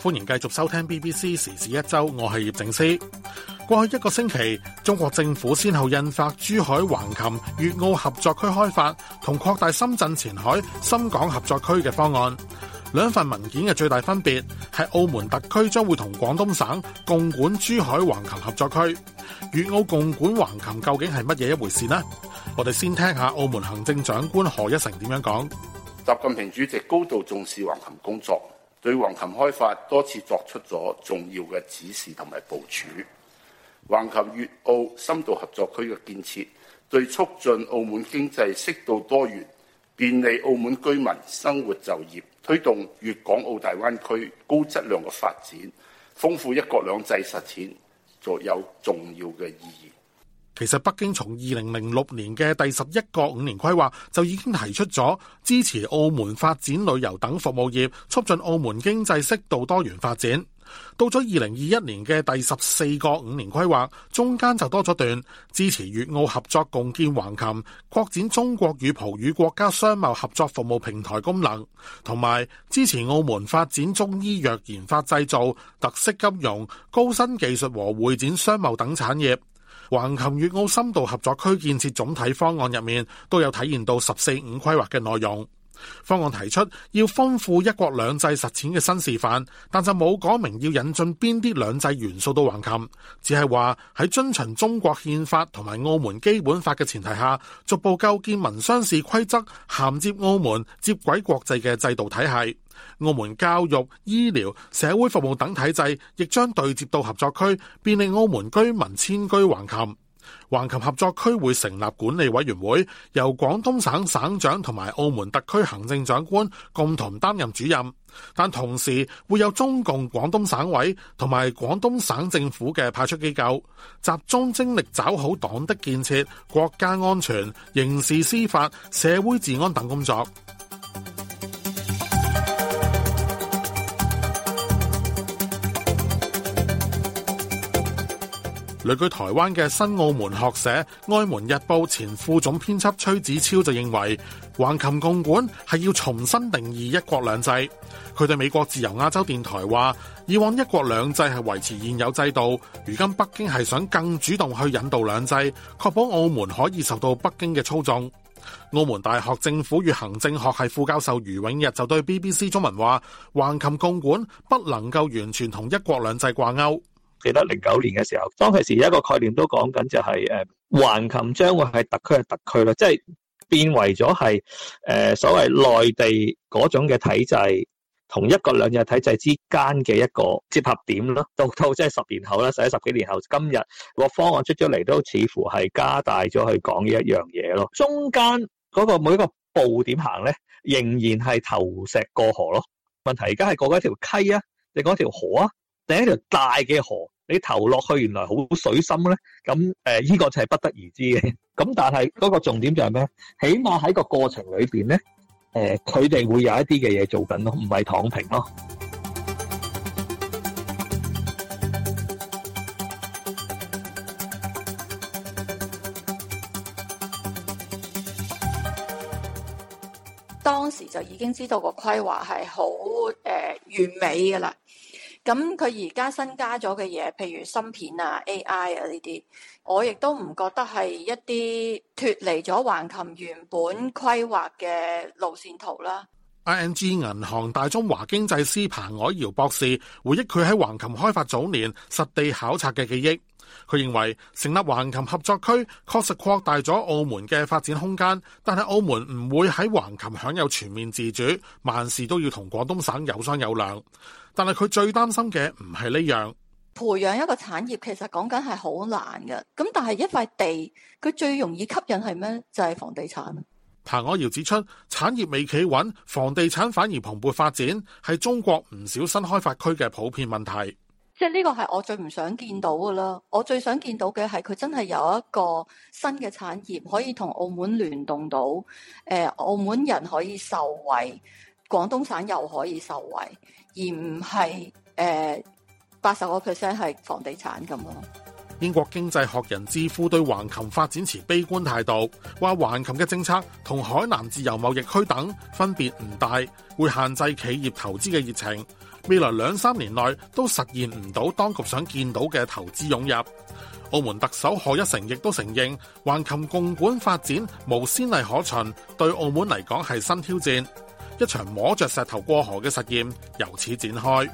歡迎繼續收聽 BBC 時事一周，我係葉靖斯。過去一個星期，中國政府先後印發珠海橫琴粵澳合作區開發同擴大深圳前海、深港合作區嘅方案。兩份文件嘅最大分別係澳門特區將會同廣東省共管珠海橫琴合作區，粵澳共管橫琴究竟係乜嘢一回事呢？我哋先聽下澳門行政長官賀一誠點樣講。習近平主席高度重視橫琴工作。對橫琴開發多次作出咗重要嘅指示同埋部署，橫琴粵澳深度合作區嘅建設，對促進澳門經濟適度多元，便利澳門居民生活就業，推動粵港澳大灣區高質量嘅發展，豐富一國兩制實踐，具有重要嘅意義。其實北京從二零零六年嘅第十一個五年規劃就已經提出咗支持澳門發展旅遊等服務業，促進澳門經濟適度多元發展。到咗二零二一年嘅第十四個五年規劃，中間就多咗段支持粵澳合作共建橫琴，擴展中國與葡語國家商貿合作服務平台功能，同埋支持澳門發展中醫藥研發製造、特色金融、高新技術和會展商貿等產業。橫琴粵澳深度合作區建設總體方案入面都有體現到十四五規劃嘅內容。方案提出要豐富一國兩制實踐嘅新示範，但就冇講明要引進邊啲兩制元素到橫琴，只係話喺遵循中國憲法同埋澳門基本法嘅前提下，逐步構建民商事規則銜接澳門接軌國際嘅制度體系。澳門教育、醫療、社會服務等體制亦將對接到合作區，便利澳門居民遷居橫琴。橫琴合作區會成立管理委員會，由廣東省省長同埋澳門特區行政長官共同擔任主任，但同時會有中共廣東省委同埋廣東省政府嘅派出機構，集中精力抓好黨的建設、國家安全、刑事司法、社會治安等工作。旅居台灣嘅新澳門學社《澳門日報》前副總編輯崔子超就認為，橫琴共管係要重新定義一國兩制。佢對美國自由亞洲電台話：以往一國兩制係維持現有制度，如今北京係想更主動去引導兩制，確保澳門可以受到北京嘅操縱。澳門大學政府與行政學系副教授余永逸就對 BBC 中文話：橫琴共管不能夠完全同一國兩制掛鈎。記得零九年嘅時候，當其時有一個概念都講緊就係、是、誒，橫琴將會係特區係特區咯，即、就、係、是、變為咗係誒所謂內地嗰種嘅體制，同一國兩制體制之間嘅一個接合點咯。到到即係十年後啦，甚至十幾年後，今日個方案出咗嚟，都似乎係加大咗去講呢一樣嘢咯。中間嗰個每一個步點行咧，仍然係投石過河咯。問題而家係過緊一條溪啊，你講條河啊？第一條大嘅河，你投落去，原來好水深咧。咁誒，呢個就係不得而知嘅。咁但係嗰個重點就係咩？起碼喺個過程裏邊咧，誒，佢哋會有一啲嘅嘢做緊咯，唔係躺平咯。當時就已經知道個規劃係好誒完美噶啦。咁佢而家新加咗嘅嘢，譬如芯片啊、AI 啊呢啲，我亦都唔覺得係一啲脫離咗橫琴原本規劃嘅路線圖啦。ING 銀行大中華經濟師彭海瑤博士回憶，佢喺橫琴開發早年實地考察嘅記憶。佢認為成立橫琴合作區確實擴大咗澳門嘅發展空間，但係澳門唔會喺橫琴享有全面自主，萬事都要同廣東省有商有量。但係佢最擔心嘅唔係呢樣，培養一個產業其實講緊係好難嘅。咁但係一塊地，佢最容易吸引係咩？就係房地產。彭海瑤指出，產業未企穩，房地產反而蓬勃發展，係中國唔少新開發區嘅普遍問題。即係呢個係我最唔想見到㗎啦，我最想見到嘅係佢真係有一個新嘅產業可以同澳門聯動到，誒，澳門人可以受惠，廣東省又可以受惠，而唔係誒八十個 percent 係房地產咁咯。英國經濟學人智庫對橫琴發展持悲觀態度，話橫琴嘅政策同海南自由貿易區等分別唔大，會限制企業投資嘅熱情。未來兩三年內都實現唔到當局想見到嘅投資湧入。澳門特首賀一誠亦都承認，橫琴共管發展無先例可循，對澳門嚟講係新挑戰，一場摸着石頭過河嘅實驗由此展開。